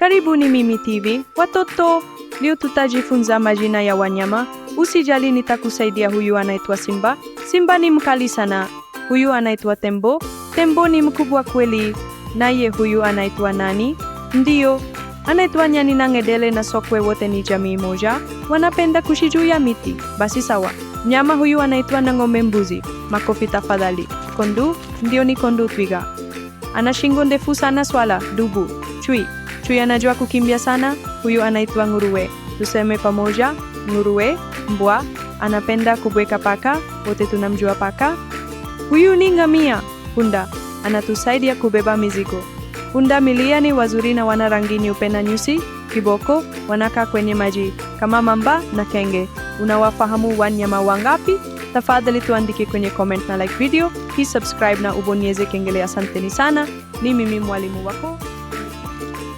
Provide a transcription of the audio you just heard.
Karibuni Mimi TV watoto, leo tutajifunza majina ya wanyama. Usijali, nitakusaidia. Huyu anaitwa Simba. Simba ni mkali sana. Huyu anaitwa Tembo. Tembo ni mkubwa kweli. Naye huyu anaitwa nani? Ndiyo, anaitwa nyani. Na ngedele na sokwe wote ni jamii moja, wanapenda kuishi juu ya miti. Basi sawa, Nyama huyu anaitwa na ng'ombe. Mbuzi, makofi tafadhali. Kondu, ndio ni kondu. Twiga ana shingo ndefu sana. Swala, dubu, chui Chui anajua kukimbia sana, huyu anaitwa nguruwe. Tuseme pamoja, nguruwe. Mbwa anapenda kubweka paka, wote tunamjua paka. Huyu ni ngamia. Punda anatusaidia kubeba mizigo. Punda milia ni wazuri na wana rangi nyeupe na nyusi. Kiboko wanakaa kwenye maji kama mamba na kenge. Unawafahamu wanyama wangapi? Tafadhali tuandike kwenye comment na like video hii, subscribe na ubonyeze kengele. Asanteni sana, ni mimi mwalimu wako.